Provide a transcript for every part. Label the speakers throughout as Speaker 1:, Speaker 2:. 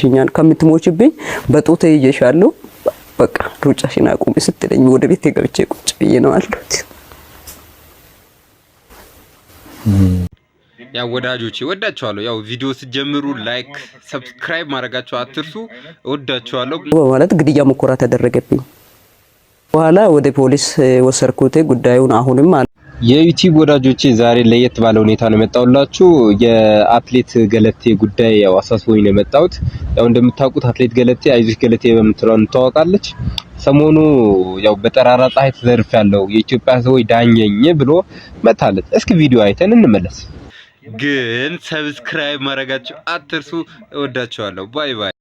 Speaker 1: ሽኛል ከምትሞችብኝ በጦቴ ይዤሻለሁ በቃ ሩጫሽን አቁሚ ስትለኝ ወደ ቤት ገብቼ ቁጭ ብዬ ነው አሉት።
Speaker 2: ያው ወዳጆቼ ወዳችኋለሁ። ያው ቪዲዮ ስጀምሩ ላይክ፣ ሰብስክራይብ ማድረጋችሁ አትርሱ። ወዳችኋለሁ
Speaker 1: በማለት ግድያ ሙከራ ተደረገብኝ። በኋላ ወደ ፖሊስ ወሰድኩት ጉዳዩን አሁንም አለ
Speaker 3: የዩቲዩብ ወዳጆቼ ዛሬ ለየት ባለ ሁኔታ ነው የመጣሁላችሁ። የአትሌት ገለቴ ጉዳይ ያው አሳስቦኝ ነው የመጣሁት። ያው እንደምታውቁት አትሌት ገለቴ አይዞሽ ገለቴ በምትለው ትታወቃለች። ሰሞኑ ያው በጠራራ ፀሐይ ተዘርፍ ያለው የኢትዮጵያ ሰዎች ዳኘኝ ብሎ መታለች። እስኪ ቪዲዮ አይተን እንመለስ።
Speaker 2: ግን ሰብስክራይብ ማድረጋችሁ አትርሱ። እወዳችኋለሁ። ባይ ባይ።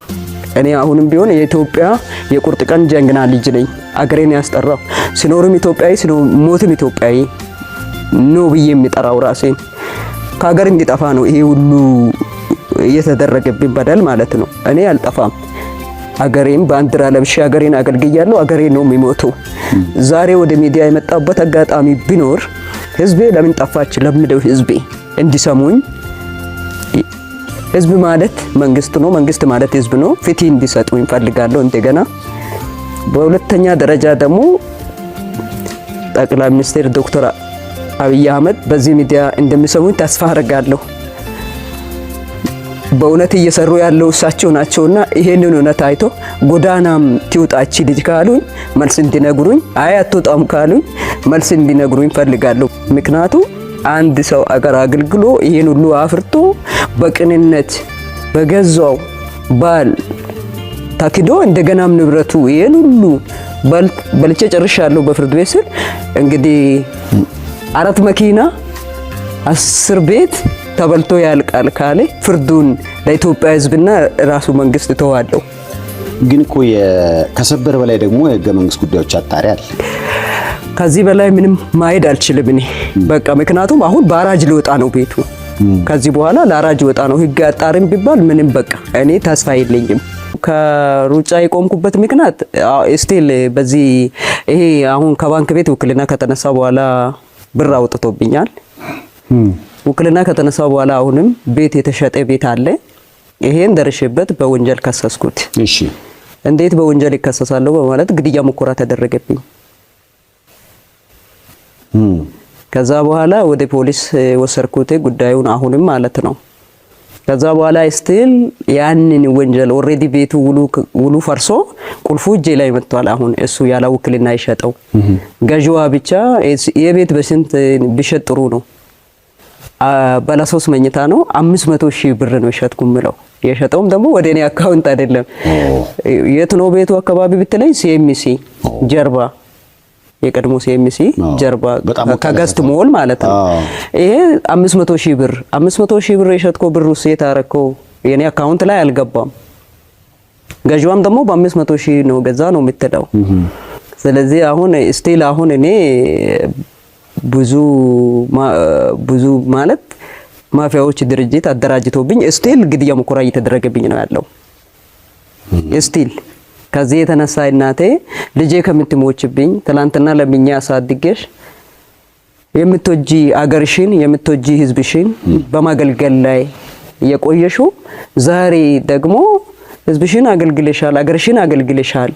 Speaker 1: እኔ አሁንም ቢሆን የኢትዮጵያ የቁርጥ ቀን ጀግና ልጅ ነኝ። አገሬን ያስጠራው ስኖርም ኢትዮጵያዊ ስኖር ሞትም ኢትዮጵያዊ ኖ ብዬ የሚጠራው ራሴን ከሀገር እንዲጠፋ ነው ይሄ ሁሉ እየተደረገብኝ በደል ማለት ነው። እኔ አልጠፋም። አገሬም ባንዲራ ለብሼ አገሬን አገልግያለሁ። አገሬ ነው የሚሞቱ። ዛሬ ወደ ሚዲያ የመጣበት አጋጣሚ ቢኖር ህዝቤ ለምን ጠፋች ለምደው ህዝቤ እንዲሰሙኝ ህዝብ ማለት መንግስት ነው፣ መንግስት ማለት ህዝብ ነው። ፍትህ እንዲሰጡ እንፈልጋለሁ። እንደገና በሁለተኛ ደረጃ ደግሞ ጠቅላይ ሚኒስትር ዶክተር አብይ አህመድ በዚህ ሚዲያ እንደሚሰሙኝ ተስፋ አድርጋለሁ። በእውነት እየሰሩ ያለው እሳቸው ናቸውና ይሄንን እውነት አይቶ ጎዳናም ትውጣች ልጅ ካሉኝ መልስ እንዲነግሩኝ፣ አይ አትወጣም ካሉኝ መልስ እንዲነግሩኝ ፈልጋለሁ። ምክንያቱ አንድ ሰው አገር አገልግሎ ይሄን ሁሉ አፍርቶ በቅንነት በገዛው ባል ታክዶ እንደገናም ንብረቱ ይሄን ሁሉ በልቼ ጨርሻለሁ በፍርድ ቤት ስል እንግዲህ አራት መኪና አስር ቤት ተበልቶ ያልቃል ካለ ፍርዱን ለኢትዮጵያ ህዝብና ራሱ መንግስት ተዋለው።
Speaker 4: ግን እኮ ከሰበር በላይ ደግሞ የህገ መንግስት ጉዳዮች አጣሪ አለ።
Speaker 1: ከዚህ በላይ ምንም ማሄድ አልችልም እኔ በቃ ምክንያቱም አሁን በአራጅ ሊወጣ ነው ቤቱ። ከዚህ በኋላ ለአራጅ ወጣ ነው ህግ አጣሪም ቢባል ምንም በቃ እኔ ተስፋ የለኝም። ከሩጫ የቆምኩበት ምክንያት ስቲል በዚህ ይሄ አሁን ከባንክ ቤት ውክልና ከተነሳ በኋላ ብር አውጥቶብኛል። ውክልና ከተነሳ በኋላ አሁንም ቤት የተሸጠ ቤት አለ። ይሄን ደርሽበት በወንጀል ከሰስኩት። እሺ እንዴት በወንጀል ይከሰሳለሁ በማለት ግድያ ሙከራ ተደረገብኝ። ከዛ በኋላ ወደ ፖሊስ ወሰድኩት ጉዳዩን አሁንም ማለት ነው። ከዛ በኋላ ስትል ያንን ወንጀል ኦሬዲ ቤቱ ውሉ ፈርሶ ቁልፉ እጄ ላይ መጥቷል። አሁን እሱ ያለ ውክልና ይሸጠው ገዥዋ ብቻ የቤት በስንት ቢሸጥ ጥሩ ነው? ባለሶስት መኝታ ነው። አምስት መቶ ሺህ ብር ነው የሸጥኩ ምለው የሸጠውም ደግሞ ወደ እኔ አካውንት አይደለም። የት ነው ቤቱ አካባቢ ብትለኝ ሲኤምሲ ጀርባ የቀድሞ ሲኤምሲ ጀርባ ከገስት ሞል ማለት ነው። ይሄ 500 ሺህ ብር 500 ሺህ ብር የሸጥኮ ብር ውስጥ የታረከው የኔ አካውንት ላይ አልገባም። ገዢዋም ደግሞ በ500 ሺህ ነው ገዛ ነው የምትለው። ስለዚህ አሁን ስቲል አሁን እኔ ብዙ ብዙ ማለት ማፊያዎች ድርጅት አደራጅቶብኝ ስቲል ግድያ ሙከራ እየተደረገብኝ ነው ያለው ስቲል ከዚህ የተነሳ እናቴ ልጄ ከምትሞችብኝ ትላንትና ለምኛ አሳድገሽ የምትወጂ አገርሽን የምትወጂ ህዝብሽን በማገልገል ላይ የቆየሹ ዛሬ ደግሞ ህዝብሽን አገልግለሻል፣ አገርሽን አገልግለሻል፣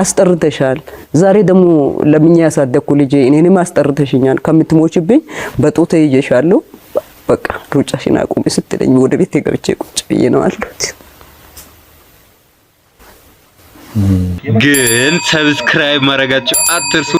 Speaker 1: አስጠርተሻል። ዛሬ ደግሞ ለምኛ ያሳደግኩ ልጄ እኔንም አስጠርተሽኛል። ከምትሞችብኝ በጡቴ ይዤሻለሁ። በቃ ሩጫሽን አቁሚ ስትለኝ ወደ ቤት ገብቼ ቁጭ ብዬ ነው አልኩት። ግን ሰብስክራይብ ማድረጋችሁ አትርሱ።